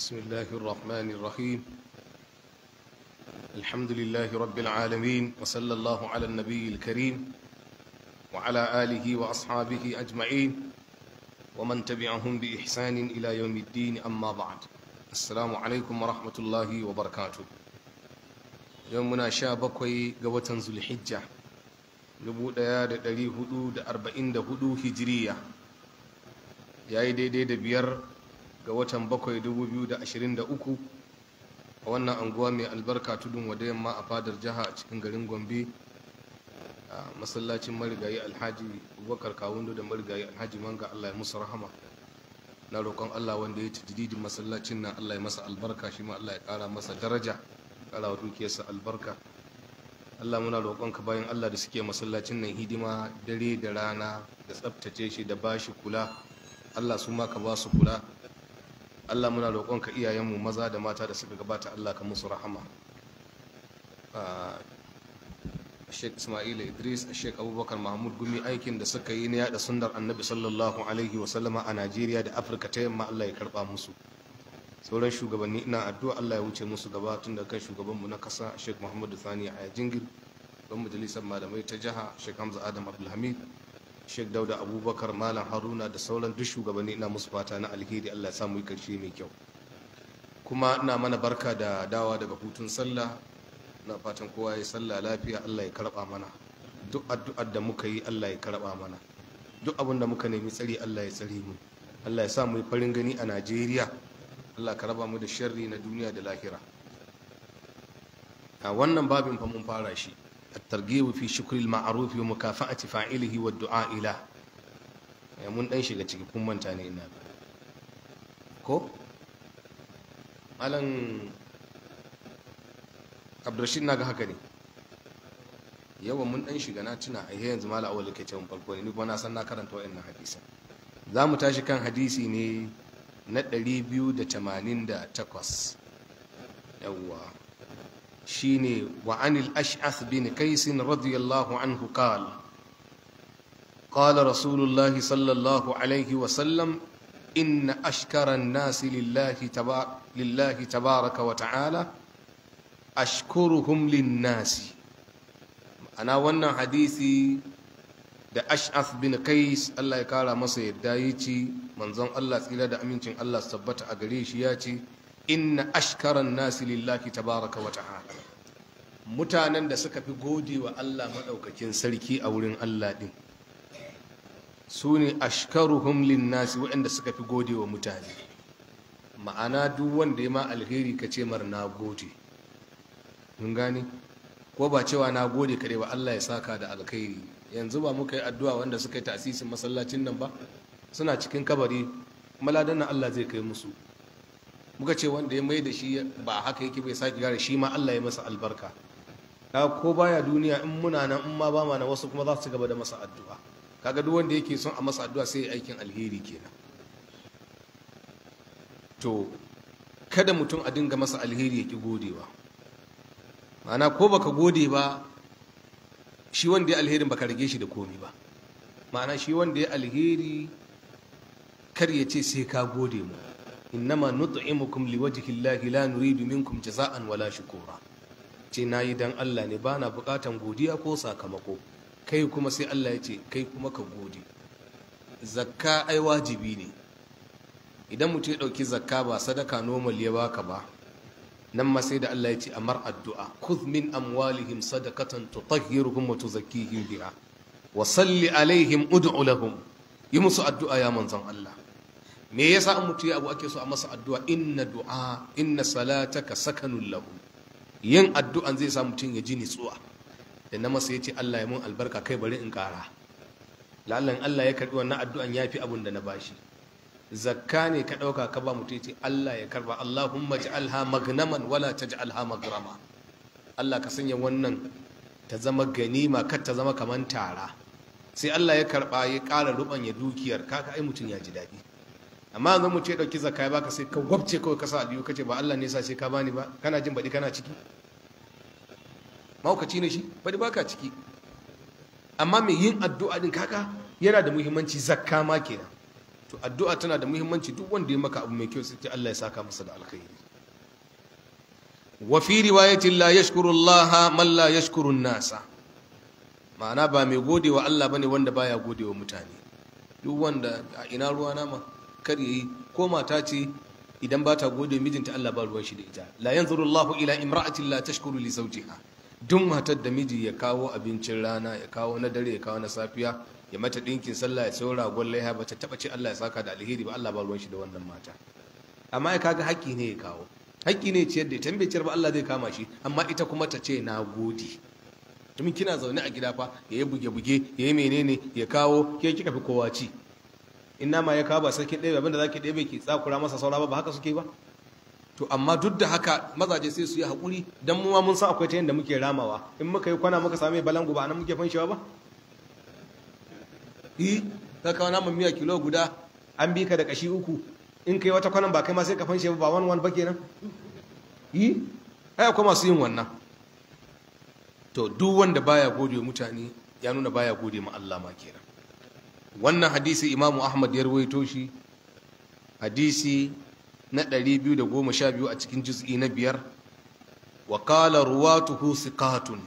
بسم الله الرحمن الرحيم الحمد لله رب العالمين وصلى الله على النبي الكريم وعلى آله وأصحابه أجمعين ومن تبعهم بإحسان إلى يوم الدين أما بعد السلام عليكم ورحمة الله وبركاته يومنا شابكوي قوة ذو الحجة dubu ɗaya da ɗari hudu da arba'in da hudu hijiriya ya yi daidai da biyar ga watan bakwai da uku, a wannan anguwa mai albarka tudun wada yamma a fadar jiha a cikin garin gombe a masallacin marigayi alhaji abubakar kawundo da marigayi alhaji manga allah ya musu rahama na roƙon allah wanda ya ci jididin masallacin nan allah ya masa albarka shi ma allah ya ƙara masa daraja ƙara wa dukiyarsa albarka allah muna roƙon ka bayan allah da suke masallacin nan hidima dare da rana da tsabtace shi da bashi kula allah su ma ka ba su kula Allah muna roƙonka iyayenmu maza da mata da suka gabata Allah ka musu rahama ah, Sheikh Ismail Idris Sheikh Abubakar Mahmud Gumi aikin da suka yi na yada sunnar Annabi sallallahu alaihi wasallama a Najeriya da Afirka ta yamma Allah ya karba musu sauran shugabanni ina addu'a Allah ya wuce musu gaba tun da kan shugabanmu na kasa Sheikh Muhammadu Sani a Jingir don majalisar malamai ta jiha Sheikh Hamza Adam Abdulhamid Sheikh Dauda Abubakar Malam Haruna da sauran duk shugabanni ina musu fata na alheri Allah ya samu yi karshe mai kyau kuma ina mana barka da dawa daga hutun sallah na fatan kowa ya sallah lafiya Allah ya karba mana duk addu'ar da muka yi Allah ya karba mana duk abin da muka nemi tsari Allah ya tsare mu Allah ya sa farin gani a Najeriya Allah ka raba mu da sharri na duniya da lahira a wannan babin fa mun fara shi الترغيب في شكر المعروف ومكافأة فاعله والدعاء له mun dan shiga ciki kun manta ne ina ko malam abdurrashid na ga haka ne yawan mun dan shiga na tuna a yanzu mala awal ke cewa farko ne ni kuma na san na karanta wa'annan hadisan za mu tashi kan hadisi ne na 288 yawwa shine wa anil ash'ath bin kaisin radiyallahu anhu qala qala rasulullahi sallallahu alaihi wa sallam inna ashkara an-nasi lillahi lillahi tabaraka wa ta'ala ashkuruhum lin-nasi ana wannan hadisi da ash'ath bin kais Allah ya kara masa yadda yace manzon Allah tsira da amincin Allah tabbata a gare shi yace inna ashkaran nasi lillahi tabaraka wa ta'ala mutanen da suka fi gode wa Allah maɗaukakin sarki a wurin Allah ɗin su ne ashkaruhum linnasi waɗanda suka fi gode wa mutane ma'ana duk wanda ya ma alheri ka ce mar na gode mun gane ko ba cewa na gode kaɗai ba Allah ya saka da alkhairi yanzu ba muka yi addu'a wanda suka yi tasisin masallacin nan ba suna cikin kabari maladan Allah zai kai musu muka ce wanda ya mai da shi ba haka yake bai sake gyara shi ma Allah ya masa albarka kaga ko baya duniya in muna nan in ma ba ma na wasu kuma za su gaba da masa addu'a kaga duk wanda yake son a masa addu'a sai aikin alheri kenan to kada mutum a dinga masa alheri ya ki godewa ma'ana ko baka gode ba shi wanda ya alherin baka rage shi da komi ba ma'ana shi wanda ya alheri kar ya ce sai ka gode mu innama nut'imukum liwajhillahi la nuridu minkum jaza'an wala shukura ce na yi don Allah ne ba na bukatan godiya ko sakamako kai kuma sai Allah ya ce kai kuma ka gode zakka ai wajibi ne idan mutum ya ɗauki zakka ba sadaka nomal ya baka ba nan ma sai da Allah ya ce amar addu'a kuz min amwalihim sadaqatan tutahhiruhum wa tuzakkihim biha wa salli alaihim ud'u lahum yi musu addu'a ya manzon Allah me yasa an mutu abu ake so a masa addu'a inna du'a inna salataka sakanun lahum yin addu'an zai sa mutum ya ji nitsuwa da na masa ya ce Allah ya mun albarka kai bari in ƙara lallan Allah ya karɓi wannan addu'an ya fi abin da na bashi zakka ne ka ɗauka ka ba mutum ya Allah ya karɓa Allahumma ja'alha magnaman wala taj'alha magrama Allah ka sanya wannan ta zama ganima kar ta zama kamar tara sai Allah ya karɓa ya ƙara ruɓanya dukiyar kaka ai mutum ya ji daɗi amma yanzu mu ce dauki zakka ya baka sai ka gwabce kawai ka sa biyu kace ba Allah ne yasa sai ka bani ba kana jin baɗi kana ciki maukaci ne shi baɗi baka ciki amma mai yin addu'a din kaka yana da muhimmanci zakka ma kenan to addu'a tana da muhimmanci duk wanda ya maka abu mai kyau sai Allah ya saka masa da alkhairi wa fi riwayatin la yashkuru Allah man la yashkuru nasa ma'ana ba mai gode wa Allah bane wanda baya gode wa mutane duk wanda a ina ruwa nama kar yayi ko mata ce idan ba ta gode mijinta Allah ba ruwan shi da ita la yanzuru Allahu ila imra'atin la tashkuru li zawjiha duk matar da miji ya kawo abincin rana ya kawo na dare ya kawo na safiya ya mata dinkin sallah ya sayo ragon laiha ba ta taba ce Allah ya saka da alheri ba Allah ba ruwan shi da wannan mata amma ya kaga haƙƙi ne ya kawo haƙƙi ne ciyar da ita bai ba Allah zai kama shi amma ita kuma ta ce na gode domin kina zaune a gida fa ya yi buge-buge ya yi menene ya kawo ke kika fi kowa ci in nama ya kawo ba sai kin ɗebe abinda za ki ɗebe ki tsakura masa saura ba ba haka suke ba to amma duk da haka mazaje sai su yi haƙuri don mu mun san akwai ta yadda muke ramawa in muka yi kwana muka sami balangu ba nan muke fanshewa ba yi ka kawo naman miya kilo guda an bi ka da kashi uku in ka yi wata kwanan ba kai ma sai ka fanshe ba wani wani ba kenan yi ai akwai masu yin wannan to duk wanda baya gode mutane ya nuna baya gode ma Allah ma kenan wannan hadisi imamu ahmad ya rawaito shi hadisi na 212 a cikin juz'i na biyar wa qala ruwatuhu siqatun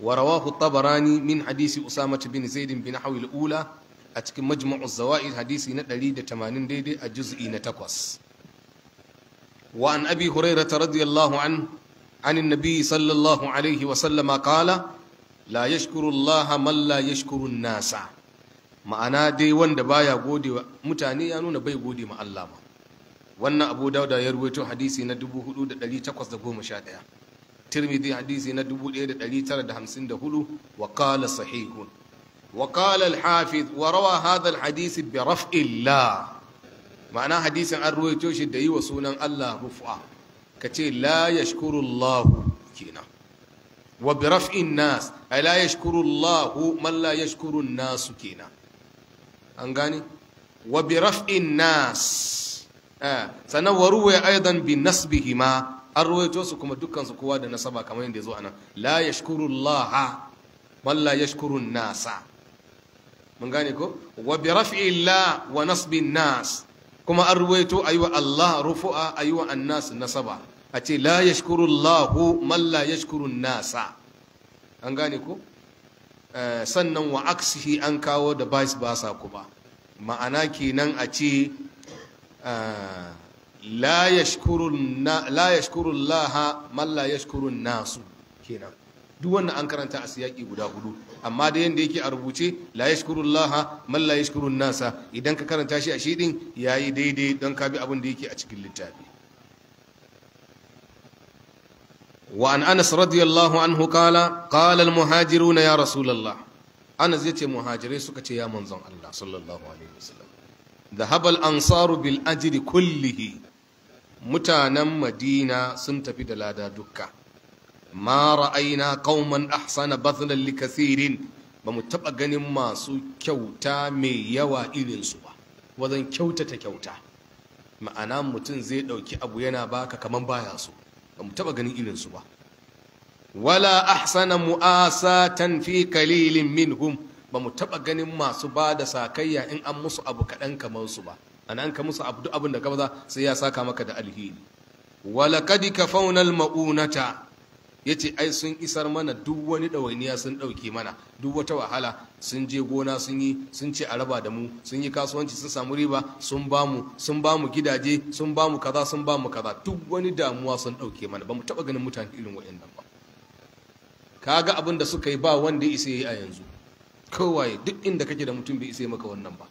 wa rawahu tabarani min hadisi usama bin zaid bin hawi al-ula a cikin majma'u zawaid hadisi na 180 daidai a juz'i na takwas wa an abi hurairah radiyallahu an عن النبي صلى الله عليه وسلم قال لا يشكر الله من لا يشكر الناس ma'ana dai wanda baya gode wa mutane ya nuna bai gode ma Allah ba. wannan Abu Dauda ya rubuto hadisi na 4811 Tirmidhi hadisi na 1954 wa qala sahihun wa qala al-Hafiz wa rawa hadha al-hadith bi raf'illah ma'ana hadisin an ruwaito shi da yi wa sunan Allah rufa kace la yashkuru Allah kina. wa bi raf'in nas ay la yashkuru Allah man la yashkuru an-nas kenan an gani wa bi raf'in nas eh, sannan wa ruwaya aidan bi nasbihima an ruwaito su kuma dukkan su kowa da nasaba kamar yadda zo anan la yashkuru Allah man la yashkuru nasa mun gane ko wa bi raf'i la wa nasbin nas kuma an ruwaito aywa Allah rufu'a aywa annas nasaba a ce la yashkuru Allah man la yashkuru nasa an gane ko Eh, sannan wa aksihi an kawo da vice ku kuma ma'ana kenan a ce eh, la yashkurun laha man yashkurun nasu kenan duk wannan an karanta a siyaki guda hudu amma da yadda yake a rubuce la yashkurun laha man yashkurun nasa idan ka karanta shi a shi din yayi daidai don ka bi abin da yake a cikin littafi wa an anas radiyallahu anhu kala qala muhajiruna ya rasulullah anas yace muhajirai suka ce ya manzon Allah sallallahu alaihi wasallam dhahaba al ansaru bil kullihi mutanen madina sun tafi da lada dukka ma ra'ayna qauman ahsana bathlan li kathirin ba mu taɓa ganin masu kyauta mai yawa irin su ba wajen kyautata kyauta ma'ana mutum zai ɗauki abu yana baka kamar baya so ba mu taba ganin irinsu ba wala ahsana mu'asatan fi kalilin minhum ba mu taɓa ganin masu ba da sakayya in an musu abu kaɗan kamar su ba an an ka musu abu abin da ka baza sai ya saka maka da alheri wala kad kafauna ma'unata. ya ce ai sun isar mana duk wani ɗawainiya sun ɗauke mana duk wata wahala sun je gona sun yi sun ce a raba da mu sun yi kasuwanci sun samu riba sun ba mu sun ba mu gidaje sun ba mu kaza sun ba mu kaza duk wani damuwa sun ɗauke mana ba mu taɓa ganin mutane irin waɗannan ba ga abin da suka yi ba wanda ya isa yi a yanzu kowaye duk inda kake da mutum bai isa maka wannan ba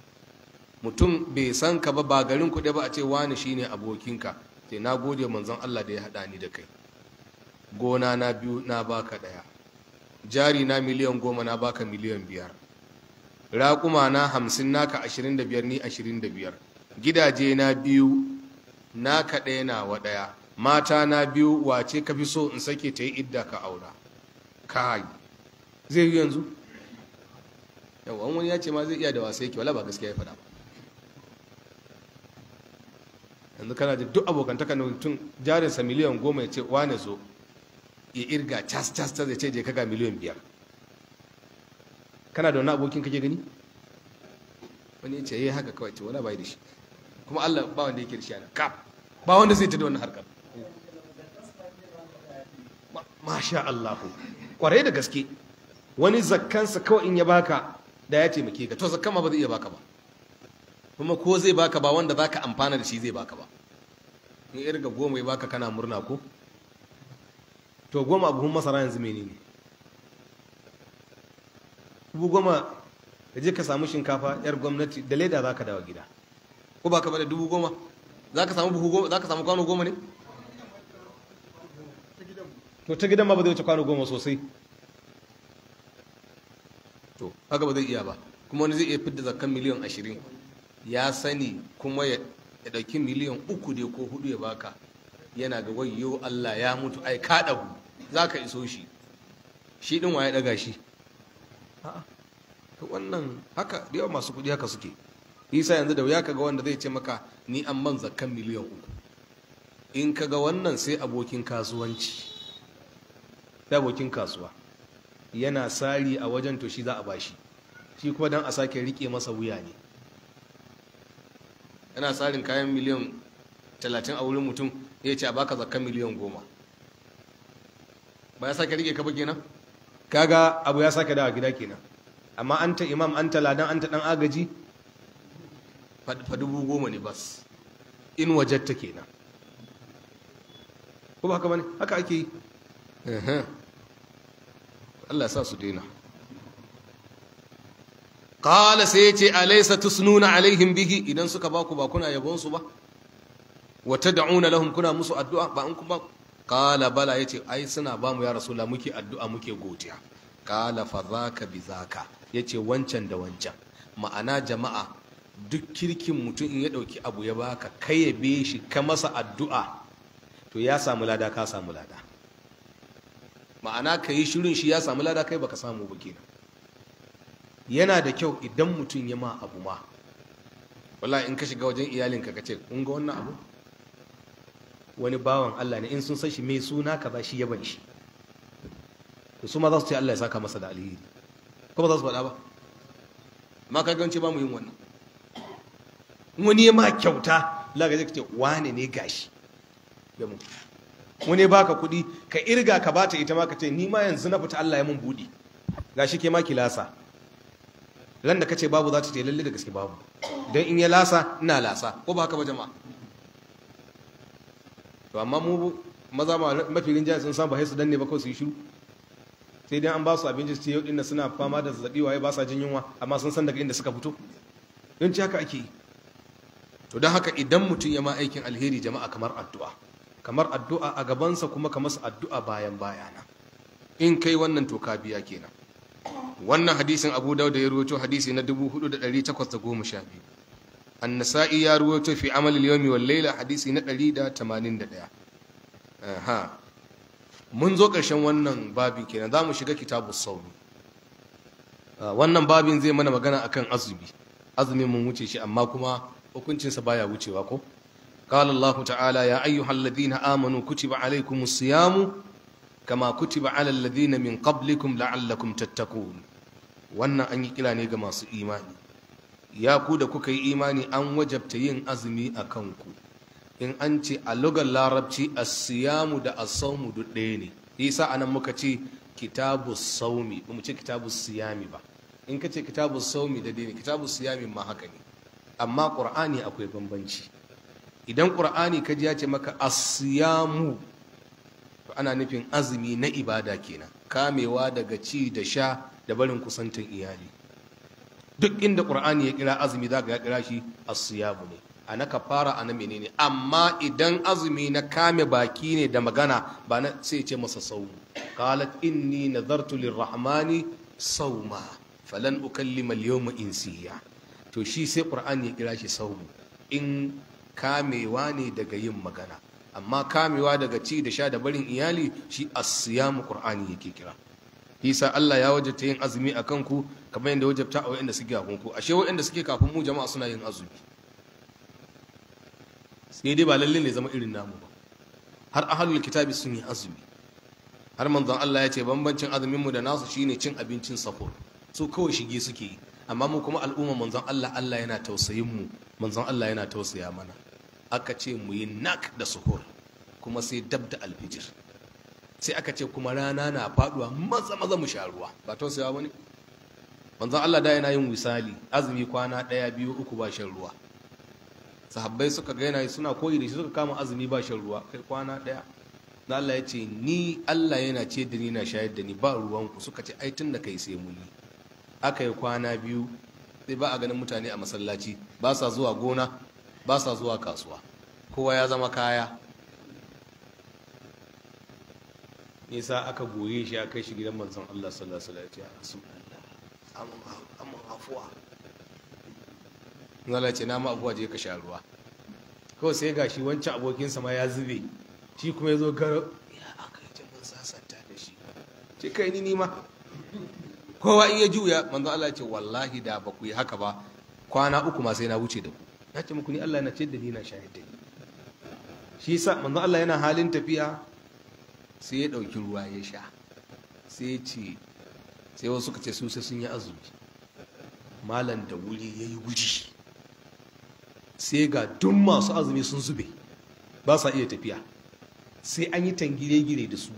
mutum bai san ka ba ba garin kuɗi ba a ce wani shine abokinka sai na gode manzon Allah da ya haɗa ni da kai gona na biyu na baka ɗaya jari na miliyan goma na baka miliyan biyar raƙuma na hamsin naka ashirin da biyar ni ashirin da biyar gidaje na biyu naka ɗaya wa ɗaya mata na biyu wace ka fi so in sake ta yi idda ka aura kai zai yi yanzu yawa wani ya ce ma zai iya da wasa yake wala ba gaskiya ya faɗa ba yanzu kana da duk abokantaka na mutum jarinsa miliyan goma ya ce wane zo ya irga cas cas cas ya ce je kaga miliyan biyar kana da wani abokin kake gani wani ya ce yi eh, haka kawai ce wani bai da shi kuma Allah ba wanda yake da shi ana kap ba wanda zai ta da wani harkar masha Allah kwarai da gaske wani zakkansa kawai in ya baka da ya taimake ka to zakkan ma ba zai iya baka ba kuma ko zai baka ba wanda zaka amfana da shi zai baka ba in irga goma ya baka kana murna ko to goma buhun masara yanzu menene dubu goma da je ka samu shinkafa yar gwamnati da leda za ka dawo gida ko ba ka bada dubu goma za ka samu buhu goma za ka samu kwano goma ne to ta gidan ma ba zai wuce kwano goma sosai to haka ba zai iya ba kuma wani zai iya fidda zakan miliyan ashirin ya sani kuma ya ɗauki miliyan uku ne ko hudu ya baka yana ga wayo Allah ya mutu ai ka ɗagu za ka iso shi shi ɗin waye ɗaga shi to wannan haka da yawa masu kuɗi haka suke isa yanzu da wuya ka ga wanda zai ce maka ni an man zakkan miliyan uku in ka ga wannan sai abokin kasuwanci da abokin kasuwa yana sari a wajen to shi za a bashi shi kuma don a sake rike masa wuya ne yana tsarin kayan miliyan talatin a wurin mutum ya ce a baka zakan miliyan goma ba ya sake rike ka ba kenan kaga abu ya sake dawa gida kenan amma an ta imam an ta ladan an ta dan agaji fa dubu goma ne bas in wajatta kenan ko ba haka bane haka ake yi Allah sa su daina kala sai ya ce alaisa tusnuna alaihim bihi idan suka baku ba kuna yabon su ba wata da'una lahum kuna musu addu'a ba in kuma kala bala ya ce ai suna ba mu ya rasula muke addu'a muke godiya kala fazaka bi zaka ya ce wancan da wancan ma'ana jama'a duk kirkin mutum in ya ɗauki abu ya baka kai ya be shi ka masa addu'a to ya samu lada ka samu lada ma'ana ka yi shirin shi ya samu lada kai baka samu ba kenan yana da kyau idan mutum ya ma abu ma wala in ka shiga wajen iyalinka ka ce kun ga wannan abu wani bawan Allah ne in sun san shi mai suna ka ba shi yaban shi to su ma za su ce Allah ya saka masa da alheri ba za su faɗa ba amma ka gance ba mu yin wannan wani ma kyauta Allah ga ce wane ne gashi da mu wani baka kuɗi ka irga ka bata ita ma ka ce ni ma yanzu na fita Allah ya mun buɗi gashi ke ma ki lasa ran da kace babu za ta ce lalle da gaske babu dan in ya lasa ina lasa ko ba haka ba jama'a to amma mu maza mafi rinjaye sun san ba haisu su danne ba kawai su yi shiru sai dai an ba su abinci su yau dinna suna fama da zazzabi waye ba sa jin yunwa amma sun san daga inda suka fito don ci haka ake yi to don haka idan mutum ya ma aikin alheri jama'a kamar addu'a kamar addu'a a gabansa kuma kamar su addu'a bayan bayana in kai wannan to ka biya kenan wannan hadisin abu dauda ya rubuto hadisi na dubu da da takwas goma sha biyu. annasa'i ya ruwaito fi amal al-yawmi wal layla hadisi na 181 ha mun zo karshen wannan babin kenan za mu shiga kitabu sawmi ah, wannan babin zai mana magana akan azumi azumin mun wuce shi amma kuma hukuncinsa baya wucewa ko قال الله تعالى يا أيها الذين آمنوا كتب عليكم الصيام كما كتب على الذين من قبلكم لعلكم تتقون wannan an yi kira ne ga masu imani ya ku da kuka yi imani an wajabta yin azumi a kanku in an ce a lugar larabci asiyamu da asaumu duk ɗaya ne isa anan muka ce kitabu saumi ba mu ce kitabu siyami ba in ka ce kitabu saumi da dai ne kitabu siyami ma haka ne amma ƙur'ani akwai bambanci idan ƙur'ani ka ji ya ce maka asiyamu ana nufin azumi na ibada kenan kamewa daga ci da sha da barin kusantan iyali duk inda ƙur'ani ya kira azumi zaka ya kira shi as-siyamu ne A ana kafara ana menene amma idan azumi na kame baki ne da magana ba na sai ce masa saumu qalat inni nadartu lirrahmani sauma falan ukallima al-yawma insiya to shi sai ƙur'ani ya kira shi saumu in kamewa ne daga yin magana amma kamewa daga ci da sha da barin iyali shi siyamu qur'ani yake kira Isa Allah ya wajata yin azumi akan ku kamar yadda wajabta a waɗanda suke kafin ku ashe waɗanda suke kafin mu jama'a suna yin azumi sai dai ba lalle ne zama irin namu ba har halin kitabi sun yi azumi har manzon Allah ya ce bambancin azumin mu da nasu shine cin abincin safo su kawai shige suke yi amma mu kuma al'umma manzon Allah Allah yana tausayin mu manzon Allah yana tausaya mana aka ce mu yi nak da suhur kuma sai dab da alfijir sai aka ce kuma rana na faduwa maza maza mu sha ruwa ba tausayawa bane manzon Allah da yana yin misali azumi kwana ɗaya biyu uku ba shan ruwa sahabbai suka gaina suna koyi da shi suka kama azumi ba shan ruwa kai kwana ɗaya na Allah ya ce ni Allah yana ce da ni na shayar da ni ba ruwanku suka ce ai tun da kai sai muni aka yi kwana biyu sai ba a ganin mutane a masallaci ba sa zuwa gona ba sa zuwa kasuwa kowa ya zama kaya nisa aka goye shi aka kai shi gidan manzon Allah sallallahu alaihi wasallam amma afuwa Allah ce na ma'afuwa je ka sha ruwa kawai sai gashi wancan abokinsa ma ya zube shi kuma ya zo garo ya aka yi jamin sasanta da shi ce kai ni nima kowa iya juya manzo Allah ce wallahi da ba ku yi haka ba kwana uku ma sai na wuce da ku na ce muku ni Allah na ce da ni na shahid da ni shi sa manzo Allah yana halin tafiya sai ya dauki ruwa ya sha sai ya ce sai wasu suka ce su sai sun yi azumi malam da wuri ya yi wuri sai ga duk masu azumi sun zube ba sa iya tafiya sai an yi tangire-gire da su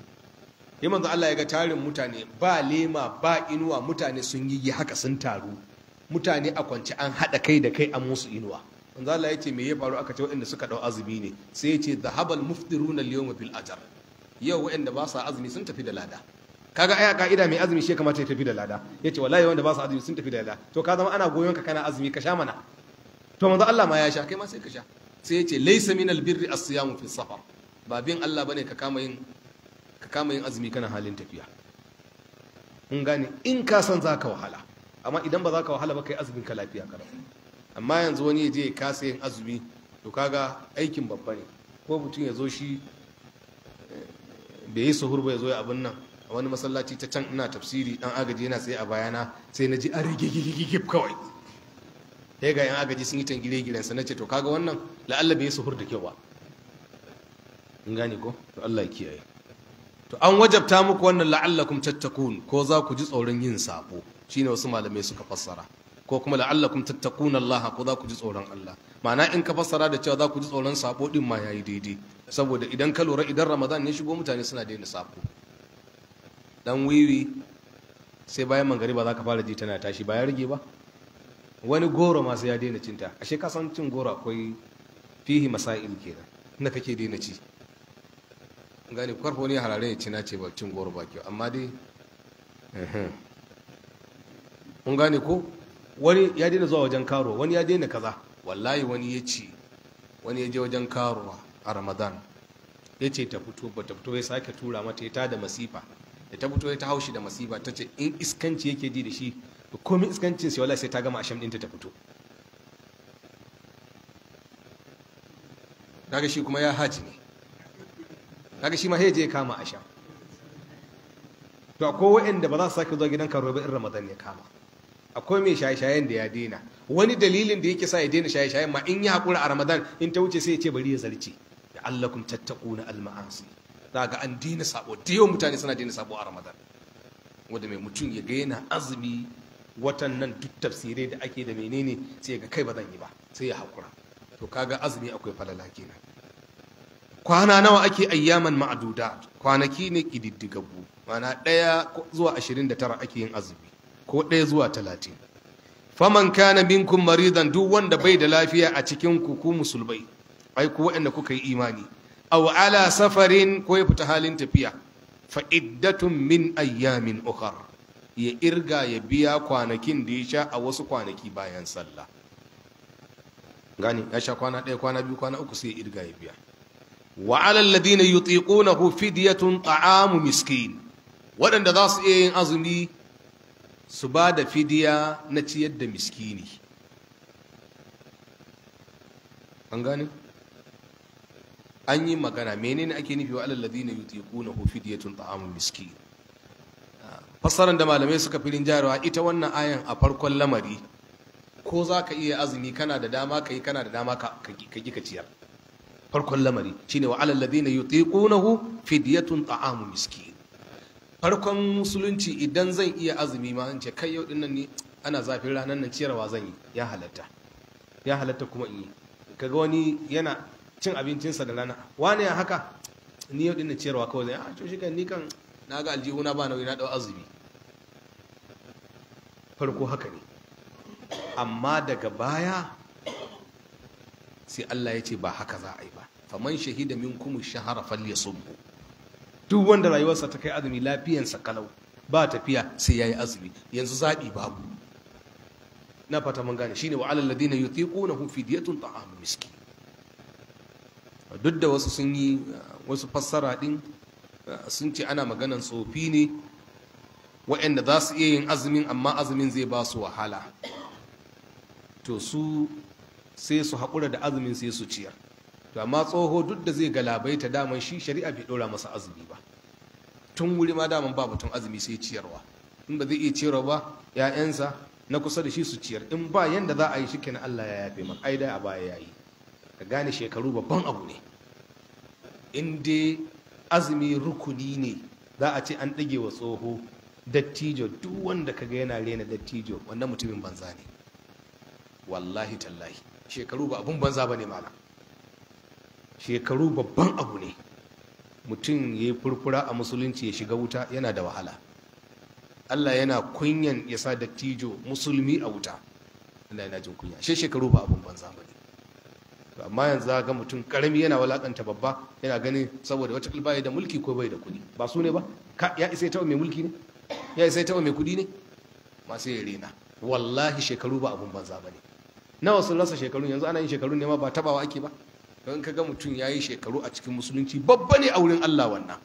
yi manzo Allah ya ga tarin mutane ba lema ba inuwa mutane sun yi yi haka sun taru mutane a kwance an haɗa kai da kai an musu inuwa manzo Allah ya ce me ya faru aka ce waɗanda suka ɗau azumi ne sai ya ce zahabal muftiruna al bil fil yau waɗanda ba sa azumi sun tafi da lada kaga ai a ka'ida mai azumi shi kamata ya tafi da lada yace wallahi wanda ba su azumi sun tafi da lada to ka zama ana goyon ka kana azumi ka sha mana to manzo Allah ma ya sha kai ma sai ka sha sai yace laysa min birri as-siyamu fi safar ba bin Allah bane ka kama yin ka kama yin azumi kana halin tafiya in gane in ka san za ka wahala amma idan ba za ka wahala ba kai azumin ka lafiya ka amma yanzu wani ya je ya kasa yin azumi to kaga aikin babba ne ko mutum ya zo shi eh, bai yi suhur ba ya zo ya abin nan a wani masallaci ta can ina tafsiri dan agaji yana tsaye a bayana sai na ji a rigigigigib kawai sai ga yan agaji sun yi tangire gidansa na ce to kaga wannan la'alla bai suhur da kyau ba in gane ko to Allah ya kiyaye to an wajabta muku wannan la'allakum tattakun ko za ku ji tsoron yin sabo shine wasu malamai suka fassara ko kuma la'allakum tattakun Allah ko za ku ji tsoron Allah ma'ana in ka fassara da cewa za ku ji tsoron sabo din ma yayi daidai saboda idan ka lura idan Ramadan ya shigo mutane suna daina sabo dan wiwi sai bayan ba za ka fara ji tana tashi ba ya rage ba wani goro ma sai ya daina cinta ashe ka san cin goro akwai fihi masail kenan na kake daina ci gani kwarfo ne harare ya cina ce ba cin goro ba kyau amma dai kun gane ko wani ya daina zuwa wajen karo wani ya daina kaza wallahi wani ya ci wani ya je wajen karuwa a ramadan ya ce ta fito ba ta fito ya sake tura mata ya tada masifa da ta fito ta haushi da masiba ta ce in iskanci yake ji da shi da komai iskancin sai wala sai ta gama asham dinta ta fito daga shi kuma ya haji ne daga shi ma sai je kama asham to akwai waɗanda ba za su sake zuwa gidan karo ba in ramadan ya kama akwai mai shaye-shayen da ya daina wani dalilin da yake sa ya daina shaye-shayen ma in ya haƙura a ramadan in ta wuce sai ya ce bari ya zarce ya allakum tattaquna al-ma'asi za ga an dina sabo da yawan mutane suna dina sabo a ramadan wanda mai mutum ya ga yana azumi watan nan duk tafsirai da ake da menene sai ga kai ba zan yi ba sai ya hakura to kaga azumi akwai falala kenan kwana nawa ake ayyaman ma'aduda kwanaki ne kididdigabbu mana ɗaya zuwa ashirin da tara ake yin azumi ko ɗaya zuwa talatin faman kana minkum maridan duk wanda bai da lafiya a cikin ku ku musulmai ai ku waɗanda kuka yi imani aw ala safarin ko ya fita halin tafiya fa min ayyamin ukar ya irga ya biya kwanakin da ya sha a wasu kwanaki bayan sallah gani ya sha kwana ɗaya kwana biyu kwana uku sai ya irga ya biya wa alal ku yutiqunahu fidyatun ta'amu miskin waɗanda za su iya yin azumi su ba da fidiya na ciyar da miskini an gani. an yi magana menene ake nufi wa alal ladina yutiquna hu fidyatun ta'amul miskin fassarar da malamai suka filin jarawa ita wannan ayan a farkon lamari ko za ka iya azumi kana da dama ka yi kana da dama ka ki ka ciyar farkon lamari shine wa alal ladina hu fidyatun ta'amu miskin farkon musulunci idan zan iya azumi ma in ce kai yau dinnan ne ana zafin ranar nan ciyarwa zan yi ya halatta ya halatta kuma in yi kaga wani yana cin abincinsa da rana wane ya haka ni yau dinna ciyarwa kawai zai a ah, to shi kan ni kan na ga aljihu na ba nauyi na dau azumi farko haka ne amma daga baya sai Allah ya ce ba haka za a yi ba faman shahida min minkum shahara falyasubhu duk wanda rayuwarsa ta kai azumi lafiyansa kalau ba tafiya sai yayi azumi yanzu zabi babu na fata mun gane shine wa alal ladina yutiquna hum fidyatun ta'am miskin duk da wasu sun yi wasu fassara din sun ce ana maganan tsofi ne waɗanda za su iya yin azumin amma azumin zai ba su wahala to su sai su haƙura da azumin sai su ciyar to amma tsoho duk da zai galabai ta daman shi shari'a bai ɗora masa azumi ba tun wuri ma daman ba mutum azumi sai ciyarwa in ba zai iya ciyarwa ba ‘ya'yansa na kusa da shi su ciyar in ba yanda za a yi shi kenan Allah ya yafe maka ai da a baya ya yi ka gane shekaru babban abu ne in dai azumi rukuni ne za a ce an ɗage wa tsoho dattijo duk wanda ka ga yana rena dattijo wannan mutumin banza ne wallahi tallahi shekaru ba abun banza ba ne mana shekaru babban abu ne mutum ya yi furfura a musulunci ya shiga wuta yana da wahala allah yana kunyan ya sa dattijo musulmi a wuta allah yana jin kunya shekaru ba abun banza ba ne amma yanzu ga mutum karami yana walakanta babba yana ganin saboda wata bai da mulki ko bai da kuɗi ba su ne ba ya isa taɓa mai mulki ne ya isa taɓa mai kuɗi ne masu yare na. wallahi shekaru ba abun banza ba ne nawa sun rasa shekaru yanzu ana yin shekarun ne ma ba tabawa ake ba don ga mutum ya yi shekaru a cikin musulunci babba ne a wurin Allah wannan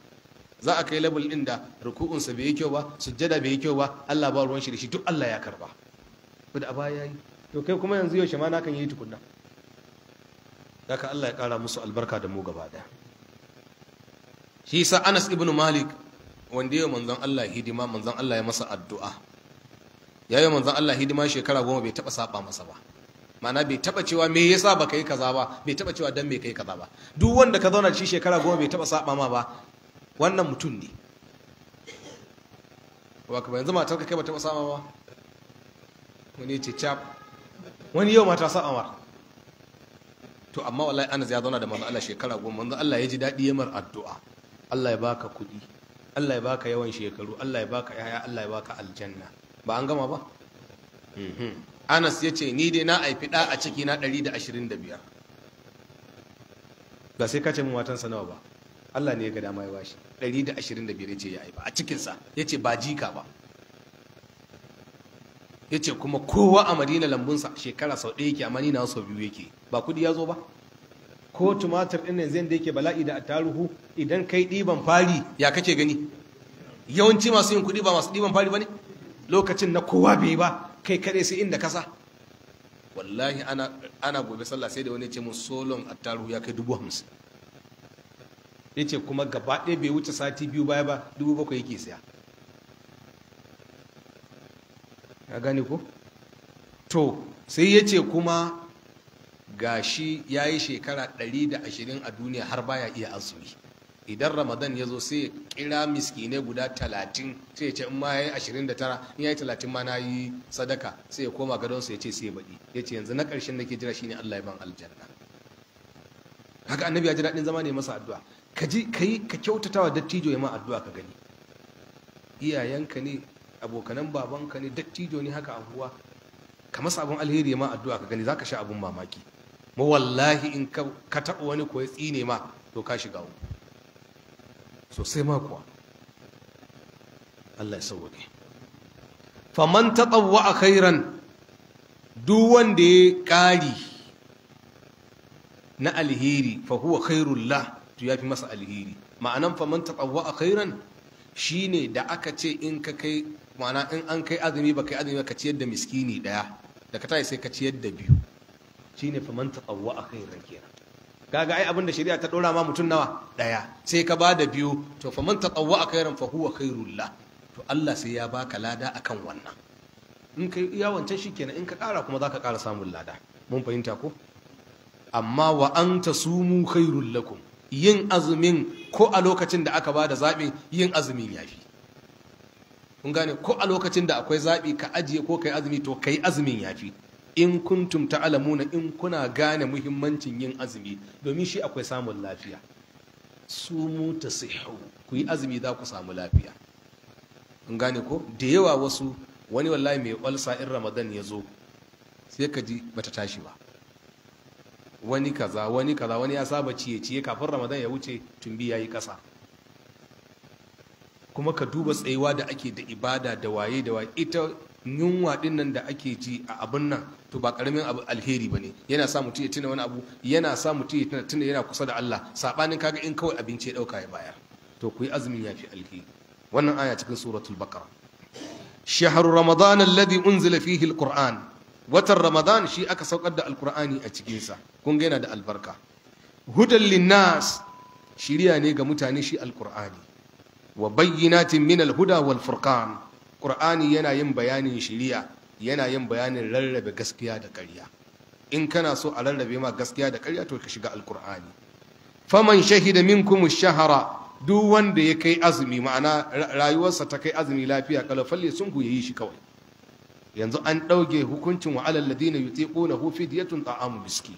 za a kai labul ɗin da ruku'unsa bai yi kyau ba sujjada bai yi kyau ba Allah ba ruwan shi da shi duk Allah ya karba. Bada a baya yi. To kai kuma yanzu yaushe ma na kan yi tukunna. daga Allah ya ƙara musu albarka da mu gaba ɗaya shi sa Anas ibn Malik wanda ya manzon Allah hidima manzon Allah ya masa addu'a ya yi manzon Allah hidima shekara goma bai taɓa saba masa ba ma'ana bai taɓa cewa me yasa ba yi kaza ba bai taɓa cewa dan me kai kaza ba duk wanda ka zauna shi shekara goma bai taɓa saba ma ba wannan mutum ne ba ka yanzu matar ka kai ba taɓa saba ba wani ce cap wani yau mata saba mara to amma wallahi Anas ya zauna da manzo Allah shekara goma manzo Allah ya ji daɗi ya mar addu'a Allah ya baka kuɗi Allah ya baka yawan shekaru Allah ya baka yaya Allah ya baka aljanna ba an gama ba mhm. Anas ya ce ni dai na haifi ɗa a ciki na 125 ba sai ka ce min watan sanawa ba Allah ne ya ga dama ya bashi 125 ya ce ya haifa a cikinsa ya ce ba jika ba ya ce kuma kowa a madina lambunsa shekara sau ɗaya yake a madina sau biyu yake ba kudi ya zo ba ko tumatir ɗin yanzu yadda yake bala'i da attaruhu idan kai ɗiban fari ya kake gani yawanci masu yin kuɗi ba masu ɗiban fari ba ne lokacin na kowa bai ba kai kaɗai sai inda kasa wallahi ana gobe sallah sai da wani ce mun solon attaruhu ya kai dubu hamsin ya ce kuma gaba ɗaya bai wuce sati biyu baya ba dubu bakwai yake siya ya gani ko to sai ya ce kuma gashi ya yi shekara 120 a duniya har baya iya azumi idan ramadan ya zo sai ya kira miskine guda 30 sai ya ce in ma ya yi 29 in ya yi 30 ma na yi sadaka sai ya koma gadon su ya ce sai ya baɗi ya ce yanzu na ƙarshen da ke jira shine allah ya ban aljanna haka annabi ya ji daɗin zama ne masa addu'a ka ji ka yi ka kyautata wa dattijo ya ma addu'a ka gani iyayenka ne abokanan babanka ne dattijo ne haka abuwa ka masa abin alheri ma addu'a ka gani zaka sha abin mamaki ma wallahi in ka taɓa wani ko tsine ma to ka shiga uku sosai ma kuwa Allah ya sauwake ta taɓawa a khairan duk wanda ya ƙari na alheri fa huwa la to ya fi masa alheri ma'anan ta taɓawa a khairan shine da aka ce in ka kai ma'ana in an kai azumi ba kai azumi ba ka ciyar da miskini daya da ka tayi sai ka ciyar da biyu shine fa man tatawwa a kai ranke kaga ai abinda shari'a ta dora ma mutum nawa daya sai ka bada biyu to fa man tatawwa a kai ran fa huwa khairullah to Allah sai ya baka lada akan wannan in kai iya wancan shikenan in ka kara kuma zaka kara samun lada mun fahimta ko amma wa an sumu khairul lakum yin azumin ko a lokacin da aka bada zaɓin yin azumin yafi kun gane ko a lokacin da akwai zaɓi ka ajiye ko kai azumi to kai azumin ya fi in kuntum ta'lamuna in kuna gane muhimmancin yin azumi domin shi akwai samun lafiya su sumu tasihu ku yi azumi za ku samu lafiya kun gane ko da yawa wasu wani wallahi mai olsa in ramadan ya zo sai ka ji bata tashi ba wani kaza wani kaza wani ya saba ciye ciye kafin ramadan ya wuce tumbi yi kasa kuma ka duba tsayuwa da ake da ibada da waye da waye ita yunwa din nan da ake ji a abin nan to ba karamin abu alheri bane yana sa mutum ya tuna wani abu yana sa mutum ya tuna tuna yana kusa da Allah sabanin kaga in kawai abinci ya dauka ya baya. to ku yi azumin yafi alheri wannan aya cikin suratul baqara shahru ramadan alladhi unzila fihi alquran watan ramadan shi aka saukar da alqurani a cikin sa kun ga yana da albarka hudan linnas shiriya ne ga mutane shi alqurani wa bayyinatin min al-huda wal furqan qur'ani yana yin bayanin shiriya yana yin bayanin rarrabe gaskiya da ƙarya in kana so a rarrabe ma gaskiya da ƙarya to ka shiga alqur'ani faman shahida minkum ash-shahra duk wanda ya kai azumi ma'ana rayuwarsa ta kai azumi lafiya kala falle sun ku yi shi kawai yanzu an ɗauke hukuncin wa alal ladina yutiquna hu fidyatun ta'amu miskin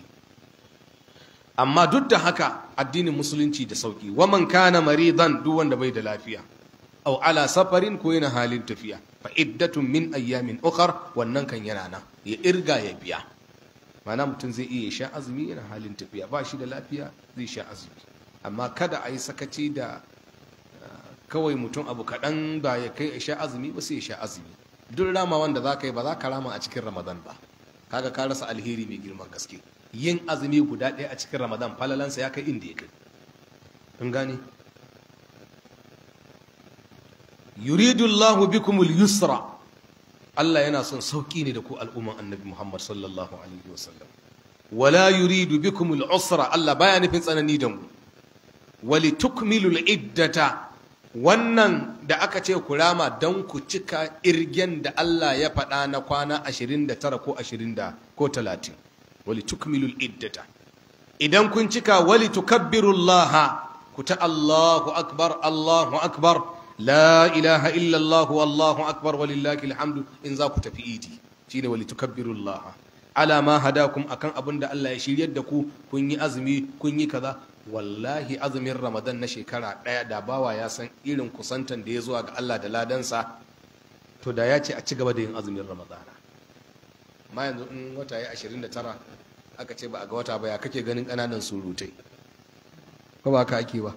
amma duk da haka addinin musulunci da sauki waman kana maridan duk wanda bai da lafiya au ala safarin ko yana halin tafiya fa iddatun min ayyamin ukhar wannan kan yana nan ya irga ya biya mana mutum zai iya sha azumi yana halin tafiya ba shi da lafiya zai sha azumi amma kada a yi sakaci da ah, kawai mutum abu kaɗan ba ya kai ya sha azumi ba sai ya sha azumi duk rama wanda za ka yi ba za ka rama a cikin ramadan ba kaga ka rasa alheri mai girman gaske yin azumi guda ɗaya a cikin ramadan falalansa ya kai inda ya kai kun gane yuridu bikumul yusra Allah yana son sauki ne da ku al'umman annabi Muhammad sallallahu alaihi wasallam wala yuridu bikumul usra Allah baya nufin tsanani da mu wali tukmilul iddata wannan da aka ce ku don ku cika irgen da Allah ya faɗa na kwana 29 ko 20 ko 30 wali tukmilul iddata idan kun cika wali tukabbirullaha ku ta Allahu akbar Allahu akbar la ilaha illallah wallahu akbar walillahi alhamdu in za ku tafi idi shine wali tukabbirullaha ala ma hadakum akan abin da Allah ya shiryar da ku kun yi azumi kun yi kaza wallahi azumin ramadan na shekara ɗaya da bawa ya san irin kusantan da ya zuwa ga Allah da ladansa to da ya ce a ci gaba da yin azumin ramadana ma yanzu in wata ya 29 aka ce ba a ga wata ba ya kake ganin ƙananan surutai ba ba ka ake ba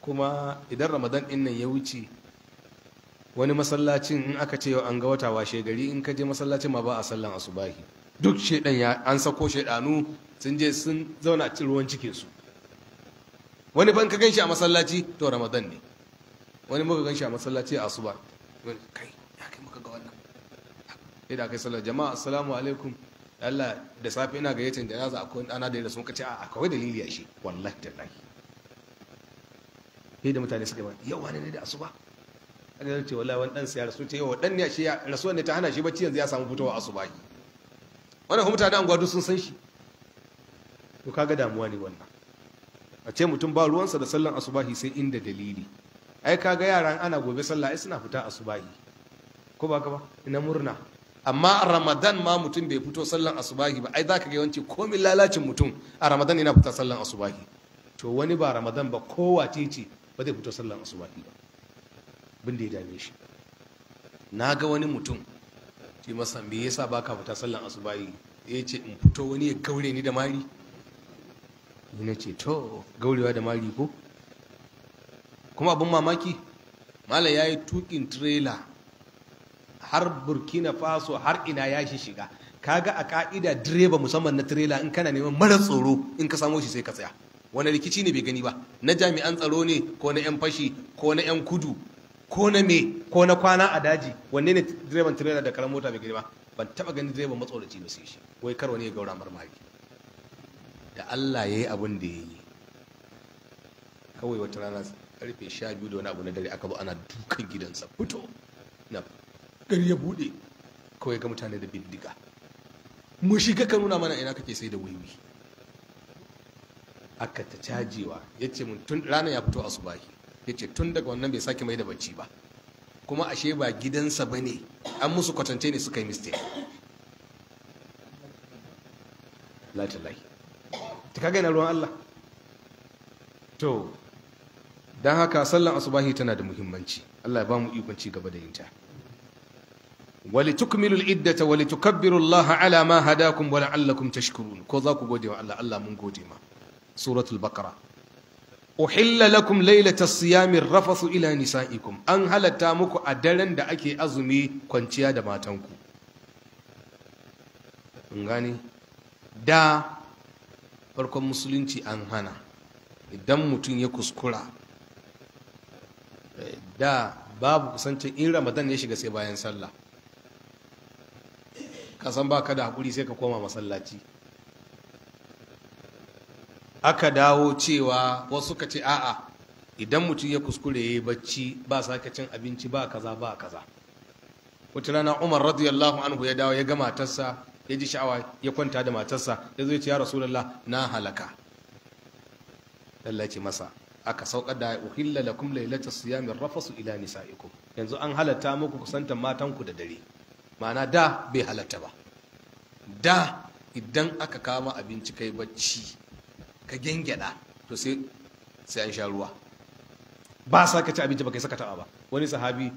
kuma idan ramadan in nan ya wuce wani masallacin in aka ce an ga wata washe gari in ka je masallacin ma ba a sallan asubahi duk shedan ya an sako shedanu sun je sun zauna a ruwan cikinsu wani ban ka gan shi a masallaci to ramadan ne wani muka gan shi a masallaci a asuba kai ya kai muka ga wannan sai da kai sallar jama'a assalamu alaikum Allah da safe ina gayyatar janaza akwai ana da yadda rasu muka a kawai dalili a shi wallahi tallahi sai da mutane suka yi yau wani ne da asuba an yi zarce wallahi wani ɗansa ya rasu ce yau ɗan ne a shi ya ne ta hana shi bacci yanzu ya samu fitowa asuba wannan kuma mutane an gwado sun san shi to kaga damuwa ne wannan a ce mutum ba ruwansa da sallan asubahi sai inda dalili ai kaga yaran ana gobe sallah ai suna fita asubahi ko ba ka ba ina murna amma a ramadan ma mutum bai fito sallan asubahi ba ai zaka ga yawanci komai lalacin mutum a ramadan yana fita sallan asubahi to wani ba ramadan ba kowa ce ba zai fito sallan asubahi ba bin da ya dame shi na ga wani mutum ce masa me yasa baka fita sallan asubahi ya ce in fito wani ya kaure ni da mari na ce to gaurewa da mari ko kuma abin mamaki mala ya yi tukin trailer har burkina faso har ina ya shi shiga kaga a ka'ida direba musamman na trailer in kana neman mara tsoro in ka samo shi sai ka tsaya wani rikici ne bai gani ba na jami'an tsaro ne ko na 'yan fashi ko na 'yan kudu ko na me ko na kwana a daji wanne ne direban trailer da karamota mota bai gani ba ban taba ganin direban matsoraci ba sai shi wai karo ne ya gaura marmari da Allah ya yi abin da ya yi kawai wata rana karfe sha biyu da wani abu na dare aka bu ana dukan gidansa fito na gari ya bude kawai ga mutane da bindiga mu shiga ka nuna mana ina kake sai da wiwi aka ta cajewa ya ce mun tun rana ya fito asubahi ya ce tun daga wannan bai sake mai da bacci ba kuma ashe ba gidansa ba ne an musu kwatance ne suka yi mistake latalai ta kaga yana ruwan Allah to don haka sallan asubahi tana da muhimmanci Allah ya ba mu ikon ci gaba da yinta. ta wali tukmilu al-iddata wali tukabbiru Allah ala ma hadakum wa la'allakum tashkurun ko za ku gode wa Allah Allah mun gode ma suratul baqara uhilla lakum laylata siyami rafasu ila nisaikum an halatta muku a daren da ake azumi kwanciya da matanku in gani da farkon musulunci an hana idan mutum ya kuskura eh, da babu kusancin in ramadan ya shiga sai bayan sallah ka san ba ka da haƙuri sai ka koma masallaci aka dawo cewa wasu ka ce a'a idan mutum ya kuskure ya yi bacci ba sake cin abinci ba kaza ba kaza wata rana umar radiyallahu anhu ya dawo ya ga tassa. ya ji sha'awa ya kwanta da matarsa ya zo ya ce ya rasulullah na halaka lallaci masa aka saukar da uhilla lakum laylata siyamin rafasu ila nisaikum yanzu an halatta muku kusantan matan ku da dare ma'ana da bai halatta ba da idan aka kama abinci kai bacci ka gengeda to sai sai an sha ruwa ba sa ka ci abinci ba kai saka taba ba wani sahabi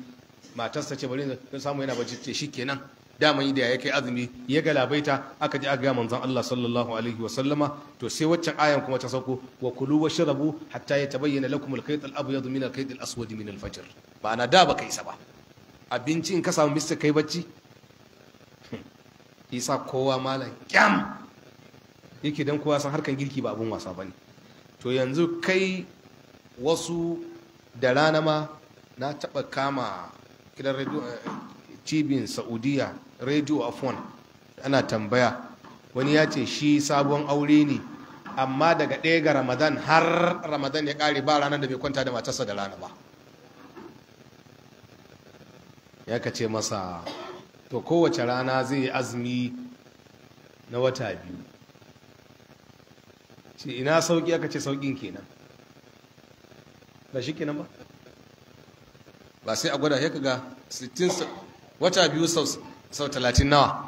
matarsa ce bari zai samu yana bacci ce shikenan daman da ya kai azumi ya galabaita aka ji aga manzon Allah sallallahu alaihi wa to sai waccan ayan kuma ta sauko wa kulu washrabu hatta yatabayyana lakum al-khayt al-abyad min al-khayt al-aswad min al-fajr ba na da baka isa ba abinci in ka samu mista kai bacci isa kowa malam kyam yake dan kowa san harkan girki ba abun wasa bane to yanzu kai wasu da rana ma na taba kama kidan radio eh, cibin saudiya radio afon ana tambaya wani ya ce shi sabon aure ne amma daga ɗaya ga ramadan har ramadan ya ƙare ba ranar da bai kwanta da matarsa da rana ba ya ka ce masa to kowace rana zai yi azumi na wata biyu ce ina sauƙi aka ce sauƙin kenan ba shi kenan ba ba sai a gwada ya kaga 60 wata biyu sau talatin nawa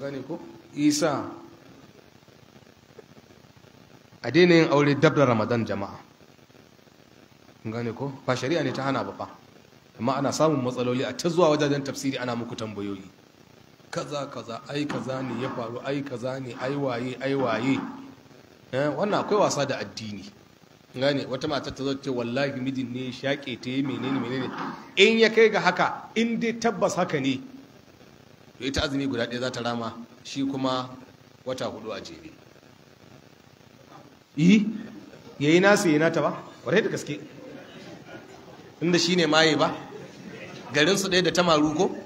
gani ko isa a dinin yin aure dab da ramadan jama'a gane ko ba shari'a ne ta hana ba amma ana samun matsaloli a ta zuwa wajajen tafsiri ana muku tambayoyi kaza kaza ai kaza ne ya faru ai kaza ne ai waye ai waye eh, wannan akwai wasa da addini gane wata mata ta zo ce wallahi mijin ne shaƙe ta yi menene menene in ya kai ga haka in dai tabbas haka ne to ita azumi guda ɗaya za ta rama shi kuma wata hudu a jere yi ya yi nasu yi nata ba ƙwarai da gaske inda shi ne maye ba garinsu ɗaya da ta maru ko